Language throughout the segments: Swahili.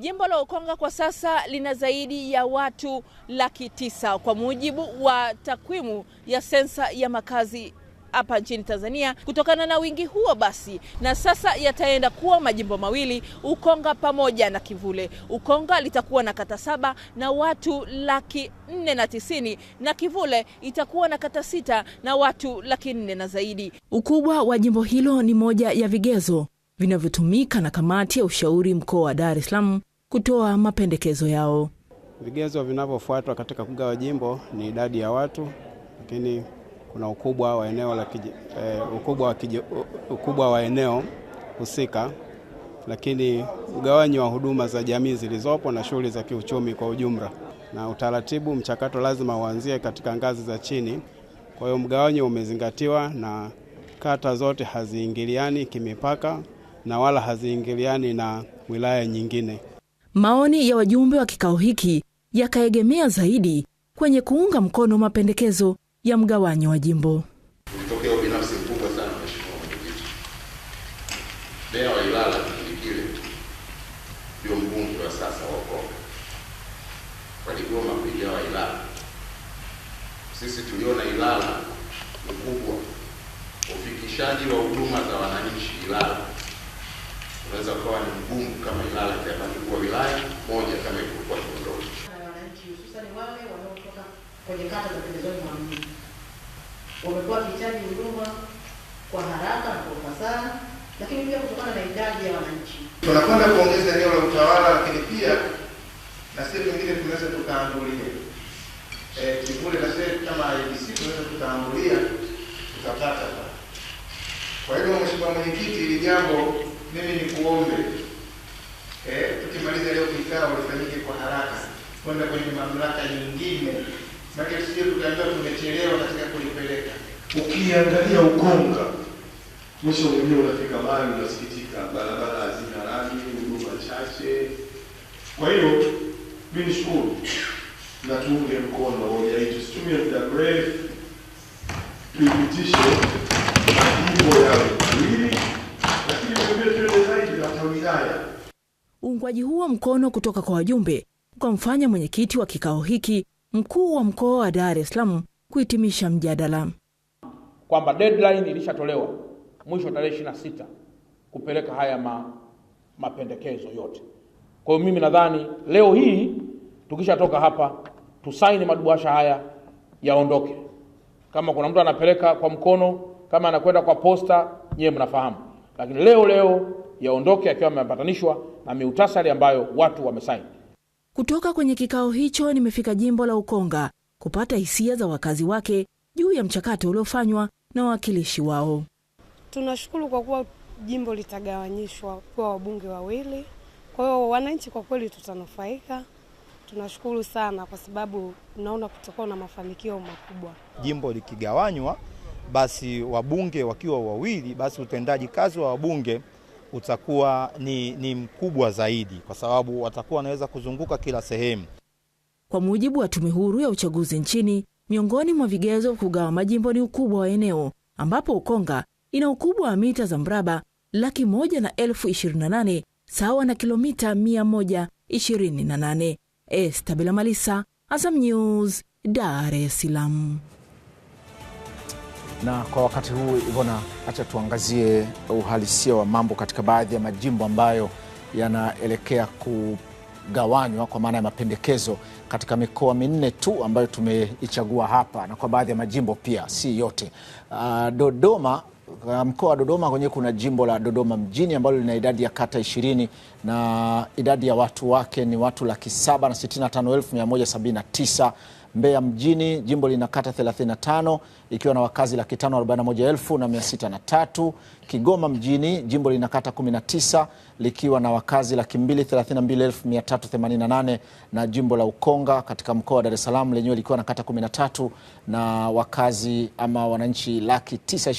Jimbo la Ukonga kwa sasa lina zaidi ya watu laki tisa kwa mujibu wa takwimu ya sensa ya makazi hapa nchini Tanzania. Kutokana na wingi huo basi, na sasa yataenda kuwa majimbo mawili, Ukonga pamoja na Kivule. Ukonga litakuwa na kata saba na watu laki nne na tisini na Kivule itakuwa na kata sita na watu laki nne na zaidi. Ukubwa wa jimbo hilo ni moja ya vigezo vinavyotumika na kamati ya ushauri mkoa wa Dar es Salaam kutoa mapendekezo yao. Vigezo vinavyofuatwa katika kugawa jimbo ni idadi ya watu, lakini kuna ukubwa wa eneo, la kiji, eh, ukubwa wa kiji, ukubwa wa eneo husika, lakini ugawanyi wa huduma za jamii zilizopo na shughuli za kiuchumi kwa ujumla. Na utaratibu mchakato lazima uanzie katika ngazi za chini. Kwa hiyo mgawanyo umezingatiwa na kata zote haziingiliani kimipaka na wala haziingiliani na wilaya nyingine. Maoni ya wajumbe wa kikao hiki yakaegemea zaidi kwenye kuunga mkono mapendekezo ya mgawanyo wa jimbo. Tokeo binafsi mkubwa sana mheshimiwa mwenyekiti, meya wa Ilala kipindi ndio mbunge wa sasa wa Ukonga, waligoma kuigawa wa Ilala. Sisi tuliona Ilala ukubwa, ufikishaji wa huduma za wananchi Ilala unaweza ukawa ni mgumu kama Ilala kiabaki wilaya moja kama ilivyokuwa Kinondoni. Wananchi hususan wale wanaotoka kwenye kata za pembezoni mwa mji wamekuwa wakihitaji huduma kwa haraka na kwa ufasaha, lakini pia kutokana na idadi ya wananchi tunakwenda kuongeza eneo la utawala, lakini pia na sehemu nyingine tunaweza tukaangulia e, kivule na sisi kama IBC tunaweza tukaangulia tukapata. Kwa hivyo, Mheshimiwa Mwenyekiti, hili jambo mimi nikuombe eh, tukimaliza leo kikao ifanyike kwa haraka kwenda kwenye mamlaka nyingine, maana sisi tukaambiwa tumechelewa katika kulipeleka. Ukiangalia Ukonga mwisho mwenyewe unafika mahali unasikitika, barabara hazina rangi, huduma chache. Kwa hiyo mimi nishukuru na tuunge mkono hoja hii, tusitumie muda mrefu, tuipitishe na jimbo yawe Uungwaji huo mkono kutoka kwa wajumbe ukamfanya mwenyekiti wa kikao hiki mkuu wa mkoa wa Dar es Salaam kuhitimisha mjadala kwamba deadline ilishatolewa mwisho tarehe 26 kupeleka haya ma, mapendekezo yote. Kwa hiyo mimi nadhani leo hii tukishatoka hapa tusaini madubasha haya yaondoke. Kama kuna mtu anapeleka kwa mkono, kama anakwenda kwa posta, nyewe mnafahamu, lakini leo leo yaondoke akiwa amepatanishwa na miutasari ambayo watu wamesaini. Kutoka kwenye kikao hicho nimefika jimbo la Ukonga kupata hisia za wakazi wake juu ya mchakato uliofanywa na wawakilishi wao. Tunashukuru kwa kuwa jimbo litagawanyishwa kuwa wabunge wawili, kwa hiyo wananchi kwa kweli tutanufaika. Tunashukuru sana kwa sababu tunaona kutokuwa na mafanikio makubwa. Jimbo likigawanywa, basi wabunge wakiwa wawili, basi utendaji kazi wa wabunge utakuwa ni, ni mkubwa zaidi kwa sababu watakuwa wanaweza kuzunguka kila sehemu. Kwa mujibu wa Tume Huru ya Uchaguzi nchini, miongoni mwa vigezo kugawa majimbo ni ukubwa wa eneo, ambapo Ukonga ina ukubwa wa mita za mraba laki moja na elfu ishirini na nane sawa na kilomita mia moja ishirini na nane. Estabela Malisa, Azam News, Dar es Salaam. Na kwa wakati huu Ivona, hacha tuangazie uhalisia wa mambo katika baadhi ya majimbo ambayo yanaelekea kugawanywa kwa maana ya mapendekezo katika mikoa minne tu ambayo tumeichagua hapa na kwa baadhi ya majimbo pia, si yote. Uh, Dodoma ah, mkoa wa Dodoma kwenyewe kuna jimbo la Dodoma mjini ambalo lina idadi ya kata ishirini na idadi ya watu wake ni watu laki saba na 65179 Mbeya mjini, jimbo lina kata 35 ikiwa na wakazi laki tano na Kigoma mjini, jimbo lina kata 19 likiwa na wakazi laki mbili na jimbo la Ukonga katika mkoa wa Dar es Salaam lenyewe likiwa na kata 13 na wakazi ama wananchi laki tisa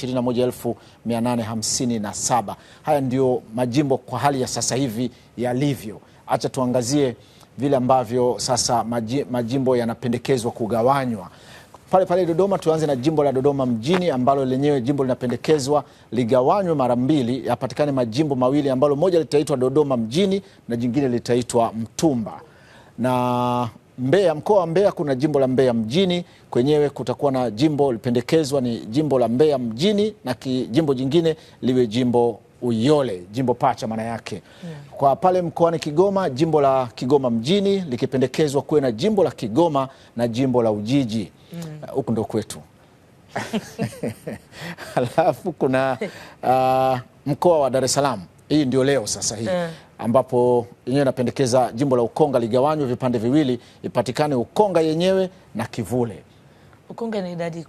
Haya ndio majimbo kwa hali ya sasa hivi yalivyo. Acha tuangazie vile ambavyo sasa majimbo yanapendekezwa kugawanywa pale pale Dodoma. Tuanze na jimbo la Dodoma mjini ambalo lenyewe jimbo linapendekezwa ligawanywe mara mbili, yapatikane majimbo mawili ambalo moja litaitwa Dodoma mjini na jingine litaitwa Mtumba. Na Mbeya, mkoa wa Mbeya kuna jimbo la Mbeya mjini, kwenyewe kutakuwa na jimbo lipendekezwa ni jimbo la Mbeya mjini na jimbo jingine liwe jimbo Uyole, jimbo pacha maana yake yeah. Kwa pale mkoani Kigoma, jimbo la Kigoma mjini likipendekezwa kuwe na jimbo la Kigoma na jimbo la Ujiji huku mm. uh, ndo kwetu alafu kuna uh, mkoa wa Dar es Salaam, hii ndio leo sasa hii yeah ambapo yenyewe inapendekeza jimbo la Ukonga ligawanywe vipande viwili, ipatikane Ukonga yenyewe na Kivule. Ukonga ni idadi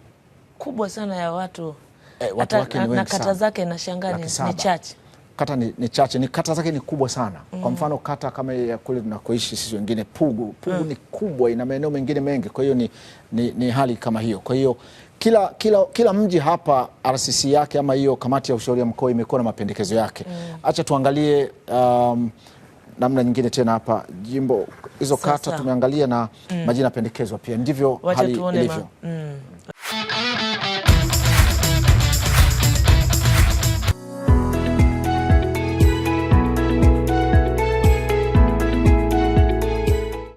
kubwa sana ya watu Eh, watu wake ni wengi sana. Kata zake nashangaa ni chache. Kata ni, ni chache ni kata zake ni kubwa sana mm. Kwa mfano kata kama ya kule tunakoishi sisi wengine Pugu, Pugu mm. ni kubwa, ina maeneo mengine mengi, kwa hiyo ni, ni, ni hali kama hiyo. Kwa hiyo kila, kila, kila mji hapa RCC yake ama hiyo kamati ya ushauri ya mkoa imekuwa na mapendekezo yake mm. Acha tuangalie um, namna nyingine tena hapa jimbo hizo kata tumeangalia na mm. majina pendekezwa pia ndivyo hali ilivyo mm.